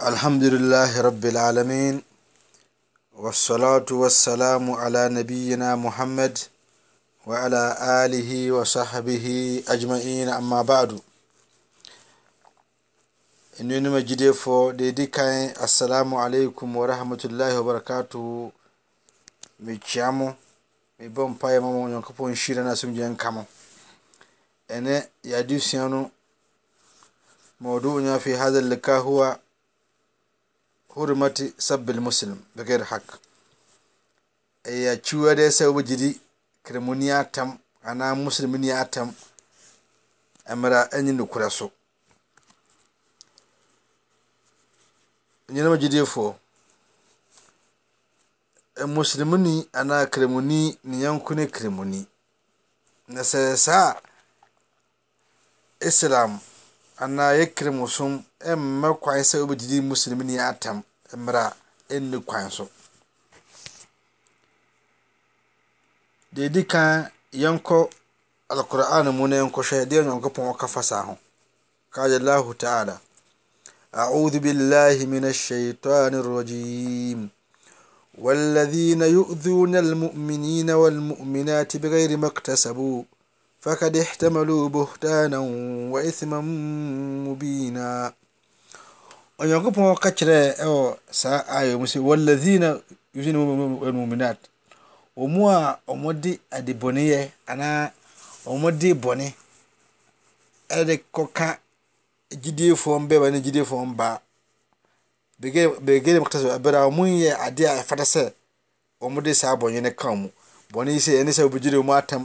alhamdulilahi rabbi lalimin wasalatu wasalamu ala nabiyina muhammed wa alihi wa sahabihi ajma'i na amma ba'adu. in ni numu gide fo dede kai asalamu alaikum wa rahmatulahi wa barakatu. me ciyamo me ban paya mamanyan kafin shirya nasin jiya kama. ine ya dusu yanu. ma duka ma duka ma duka ma fita huwa. hurumati sabbil musilim bekeri hak eyachuadeseba jidi keremuni atam ana musilimuni atam amera enyinikurasu yinamajidifo musilimuni ana keremuni niyankune keremuni nasesa isilam ayekeso ksɛ obeiius ikso deika kɔ aaɔɛkaaa aau bih mina waina na luminna winatbgrktasab فقد احتملوا بهتانا wa ithman mubina onyankopɔn ka kyerɛ ɛwɔ saa ayɛ mu sɛ walladhina yuzinum almuminat ɔmu a ɔmɔde adebɔneyɛ anaa ɔmɔde bɔne ɛde kɔka gyidiefoɔ bɛma ne gyidiefoɔ baa begere mktasɛ ɛbɛrɛ a ɔmo yɛ adeɛ a ɛfata sɛ ɔmɔde saa bɔnye no mu bɔne yi sɛ ɛne sɛ wobɛgyere mu atam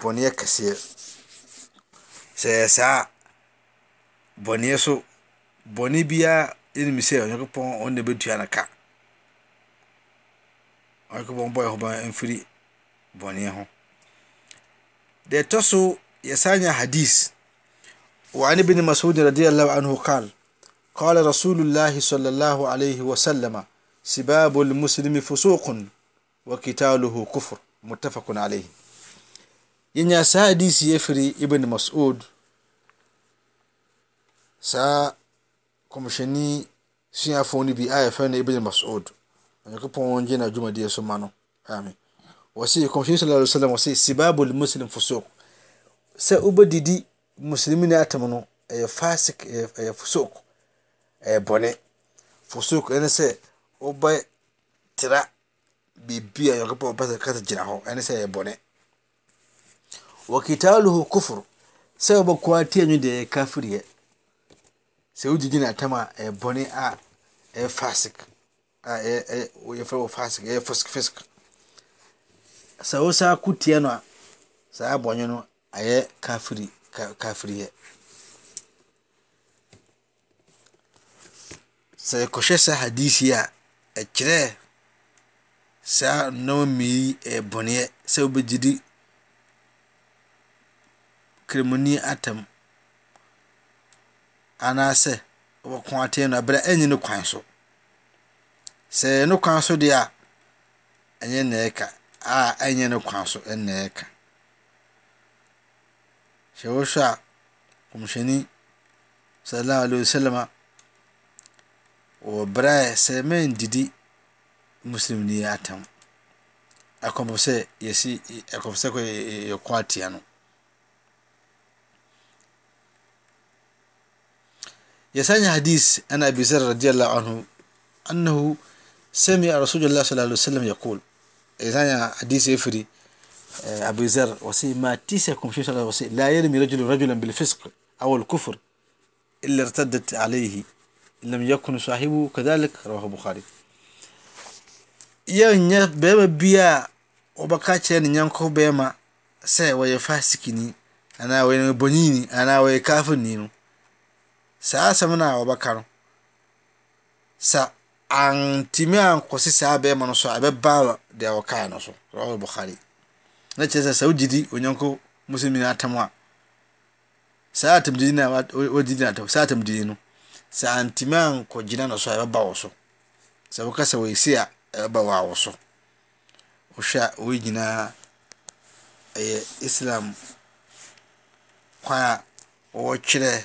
Bonnier kasiye sɛ saa a, bɔneɛ so, bɔne biara ɛnim sɛ Onyankopɔn ɔno na bɛtua no ka. Onyankopɔn bɔ yɛn ho ban mfiri bɔneɛ ho. Deɛ ɛtɔ so, yɛsan nya hadis. وعن ابن مسعود رضي الله عنه قال قال رسول الله صلى الله عليه وسلم سباب المسلم فسوق وقتاله كفر متفق عليه yenyaa saa hadisi yefiri ibn mas'ud saa kɔmhyɛni suafoɔ no bi a yɛfrɛ no ibn mas'ud onyankopɔn gye na adwumadeɛ so ma no ame wɔse kɔmhyɛni sallallahu alaihi wasallam wɔse sibabul muslim fusuq sɛ wobɛdidi muslimini atam no ɛyɛ fasik ɛyɛ fusuq ɛyɛ bɔne fusuq ɛne sɛ wobɛ tira biribi a nyankopɔn pɛ sɛ ka gyina hɔ ɛne sɛ ɛyɛ bɔne ktaaloho kofor sɛ wobɛkɔa tiau deɛɛ kafriɛ sɛ wogyeginaatam bɔne afɛs sɛwo sa kotiɛ no a sa bɔen ayɛ arɛ sɛɛkɔhwɛ sɛ hadis a kyrɛ saa n m bɔneɛ sɛwɛgyedi kni atam anasɛ kɔ atenr nine kwaso sɛɛne kwanso deɛa ɛyɛyɛno kwas nɛka hɛ wohɛ a hɛni saalah alwasalama ɔ bra sɛ mendidi musni atam ɛɛyɛkɔ atiao يسأني حديث أنا أبي ذر رضي الله عنه أنه سمع رسول الله صلى الله عليه وسلم يقول يسأني حديث يفري آه، أبي ذر ما تيسكم شيء صلى الله عليه وسلم لا يرمي رجل رجلا بالفسق أو الكفر إلا ارتدت عليه إن لم يكن صاحبه كذلك رواه البخاري yanya bɛrima bi بيا wɔbɛka kyerɛ ne nyanko bɛrima سي wɔyɛ fasikini anaa wɔyɛ bonyini anaa wɔyɛ kafoni saa sɛm noaɔbɛka no sɛ atimi ankɔse saabɛmano so bɛba e wɔkan sbuhar kyɛsɛ sɛ wogii nk usnatam sa sɛanimi ankɔgyinansɛbao ssɛosɛsi ɛa aw s hwɛ yinaaɛ islam kwan a wɔkyerɛ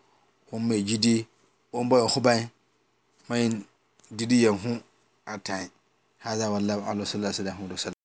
wunmajidi wunbao huban maiŋ didiyahu atii haza walla ala saa salahma asalam